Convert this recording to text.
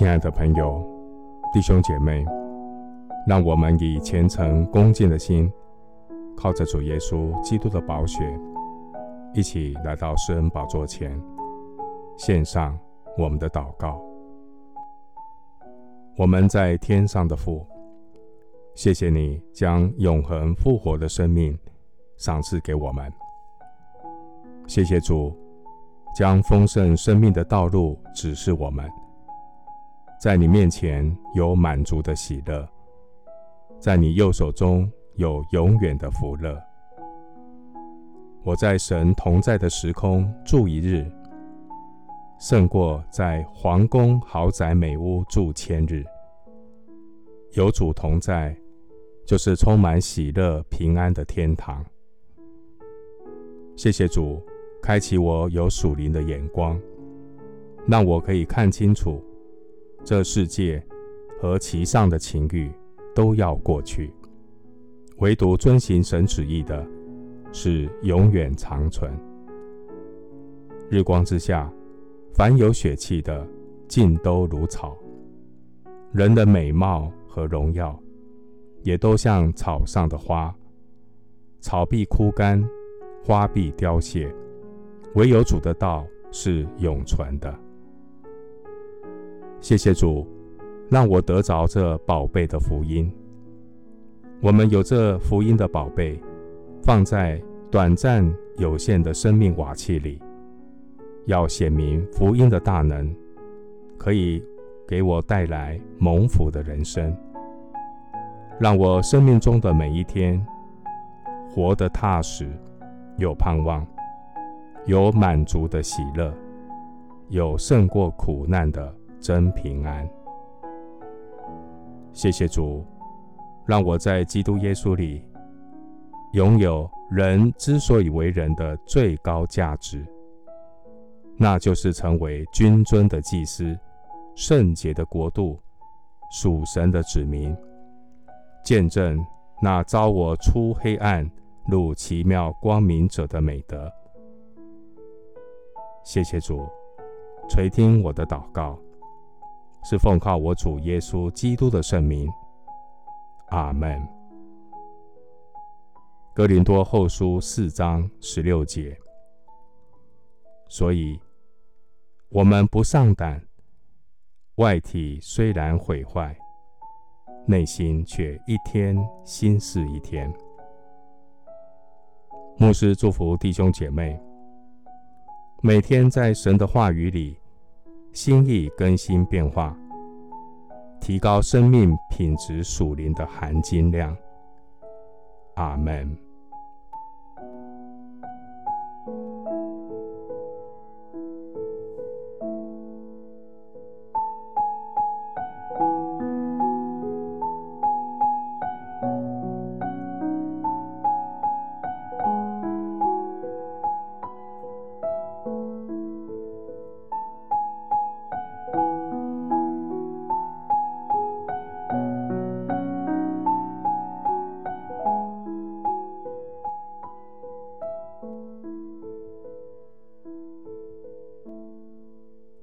親愛的朋友、弟兄姐妹，讓我們以虔誠恭敬的心，靠着主耶穌基督的寶血，一起來到施恩寶座前，獻上我們的禱告。我們在天上的父，謝謝你將永恆復活的生命賞賜給我們。謝謝主，將豐盛生命的道路指示我們。在你面前有滿足的喜樂，在你右手中有永遠的福樂。我在神同在的時空住一日，勝過在皇宮豪宅美屋住千日。有主同在，就是充滿喜樂平安的天堂。謝謝主，開啟我有屬靈的眼光，讓我可以看清楚。這世界和其上的情慾都要過去，唯獨遵行神旨意的，是永遠長存。日光之下，凡有血氣的，盡都如草；人的美貌和榮耀，也都像草上的花，草必枯乾，花必凋謝，唯有主的道是永存的。謝謝主，讓我得着這寶貝的福音。我們有這福音的寶貝，放在短暫有限的生命瓦器裡，要顯明福音的大能，可以給我帶來蒙福的人生，讓我生命中的每一天活得踏實，有盼望，有滿足的喜樂，有勝過苦難的。真平安，謝謝主，讓我在基督耶穌裡擁有人之所以為人的最高價值，那就是成為君尊的祭司、聖潔的國度、屬神的子民，見證那召我出黑暗入奇妙光明者的美德。謝謝主，垂聽我的禱告。是奉靠我主耶穌基督的聖名，阿門。哥林多後書四章十六節。所以，我們不喪膽。外體雖然毀壞，內心卻一天新似一天。牧師祝福弟兄姐妹，每天在神的話語裡，心意更新變化，提高生命品質屬靈的含金量。阿門。